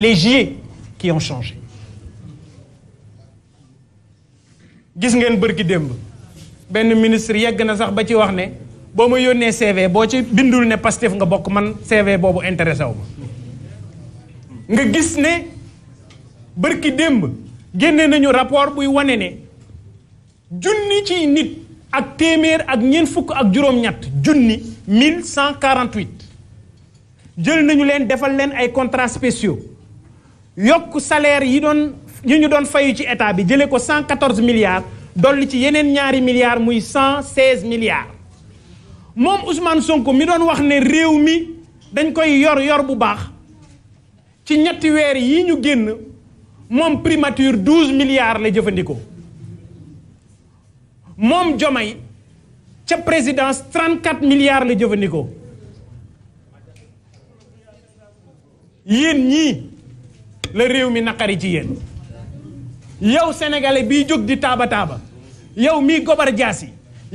légier qui ont changé gis ngeen bërki démb benn ministre yegg na sax ba ci wax ne boo ma yónnee CV boo ci bindul ne Pastef nga bokk man CV boobu intéressé wu ma nga gis ne bërki démb génne nañu rapport buy wane ne junni ci nit ak téeméer ak ñeent fukk ak juróom-ñett junni 1148 jël nañu leen defal leen ay contrat spéciaux yokk salaire yi doon yi ñu doon fayu ci état bi jëlee ko 114 milliards dolli ci yeneen ñaari milliards muy 116 milliards moom Ousmane Sonko mi doon wax ne réew mi dañ koy yor yor bu baax ci ñetti weer yi ñu génn moom primature 12 milliards la jëfandikoo moom Jomay ca présidence 34 milliards la jëfandikoo yéen ñii. la réew mi naqari ci yéen yow sénégalais biy jóg di taaba taaba yow mii gobar jaas yi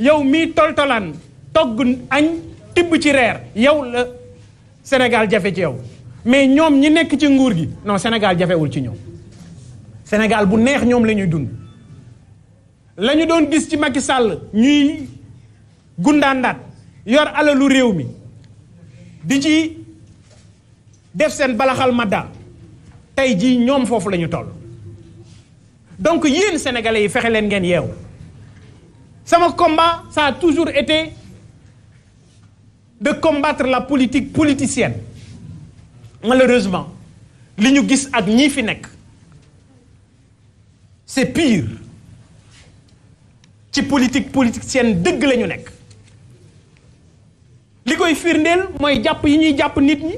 yow mii toltolaan togg añ tibb ci reer yow la senegal jafe ci yow mais ñoom ñi nekk ci nguur gi non senegal jafewul ci ñëw senegal bu neex ñoom lañuy dund lañu doon gis ci Macky Sall ñuy gundaandaat yor alalu réew mi di ci def seen balaxal madda tey jii ñoom foofu la ñu toll donc yéen sénégalais yi fexe leen ngeen yeewu sama combat ça toujours été de combattre la politique politicienne malheureusement li ñu gis ak ñii fi nekk c'est pire ci politique politicienne dëgg lañu nekk li koy firndeel mooy jàpp yi ñuy jàpp nit ñi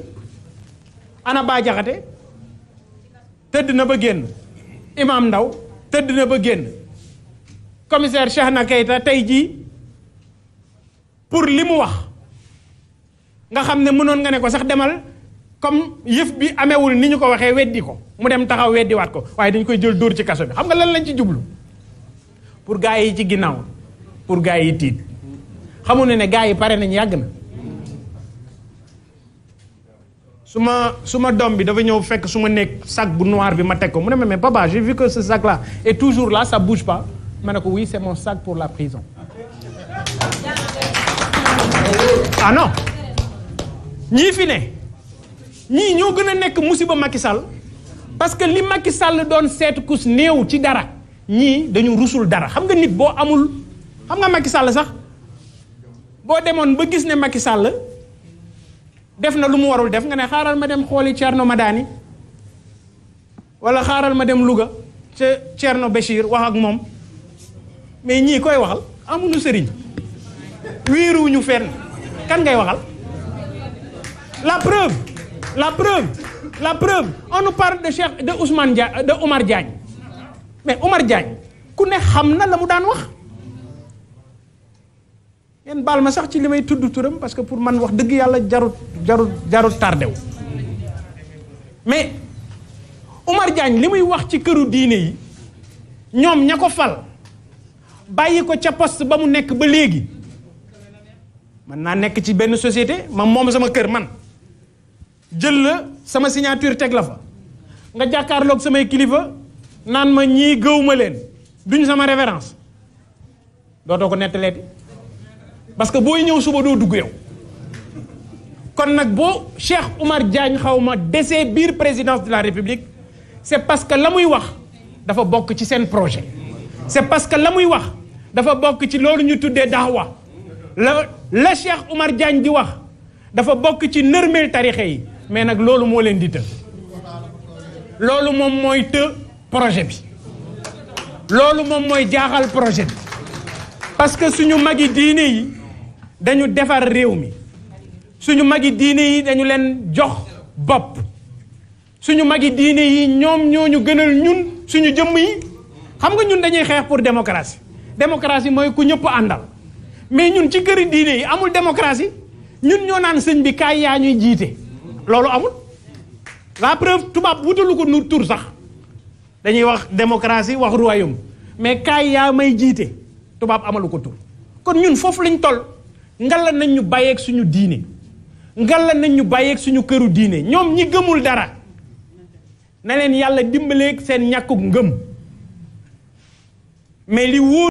ana baa jaxate tëdd na ba génn imam Ndaw tëdd na ba génn commissaire na Keita tey jii pour li mu wax nga xam ne mënoon nga ne ko sax demal comme yëf bi amewul ni ñu ko waxee weddi ko mu dem taxaw weddiwaat ko waaye dañu koy jël dóor ci kaso bi xam nga lan lañ ci jublu pour gars yi ci ginnaaw pour gaa yi tiit xamu ne ne gaa yi pare nañ yàgg na su ma su ma doom bi dafa ñëw fekk su ma nekk sac bu noir bi ma teg ko mu ne ma mais papa j'ai vu que ce sac là est toujours là ça bouge pas ma ne ko oui c'est mon sac pour la prison ah non ñii fi ne ñii ñoo gën a nekk musiba Macky Sall parce que li Macky Sall doon seet kus néew ci dara ñii dañu rusul dara xam nga nit boo amul xam nga Macky Sall sax boo demoon ba gis ne Macky Sall def na lu mu warul def nga ne xaaral ma dem xooli Thierno Madani wala xaaral ma dem Louga ca Thierno Bachir wax ak moom mais ñii koy waxal amuñu sëriñ wéeruwuñu fenn kan ngay waxal la preuve la preuve la preuve on nous parle de Cheikh de Ousmane Dia de Omar Diagne mais Omar Diagne ku ne xam na la mu daan wax. ngeen baal ma sax ci li may tudd turam parce que pour man wax dëgg yàlla jarut jarut jarut tardé mais Omar Diagne li muy wax ci këru diine yi ñoom ña ko fal bàyyi ko ca poste ba mu nekk ba léegi man naa nekk ci benn société ma moom sama kër man jël la sama signature teg la fa nga jàkkaarloog samay kilifa naan ma ñii gëw leen duñ sama référence dootoo ko nettaleeti parce que booy ñëw suba doo dugg yow kon nag boo Cheikh Oumar Diagne xaw ma desee biir présidence de la République c'est parce que la muy wax dafa bokk ci seen projet c'est parce que la muy wax dafa bokk ci loolu ñu tuddee daawa la la Cheikh Oumar Diagne di wax dafa bokk ci nërmeel tarixe yi mais nag loolu moo leen di të loolu moom mooy të projet bi loolu moom mooy jaaxal projet bi parce que suñu mag yi diine yi dañu defar réew mi suñu magi diine yi dañu leen jox bopp suñu magi diine yi ñoom ñoo ñu gënal ñun suñu jëmm yi xam nga ñun dañuy xeex pour démocratie démocratie mooy ku ñëpp àndal mais ñun ci këri diine yi amul démocratie ñun ñoo naan sëñ bi kaay yaa ñuy jiite loolu amul la preuve tubaab wutalu ko nu tur sax dañuy wax démocratie wax royaume mais kaay yaa may jiite tubaab amalu ko tur kon ñun foofu lañ toll ngalla nañ ñu bàyyeeg suñu diine ngalla nañ ñu bàyyeeg suñu këru diine ñoom ñi gëmul dara na leen yàlla dimbaleeg seen ñàkkuk ngëm mais li wóor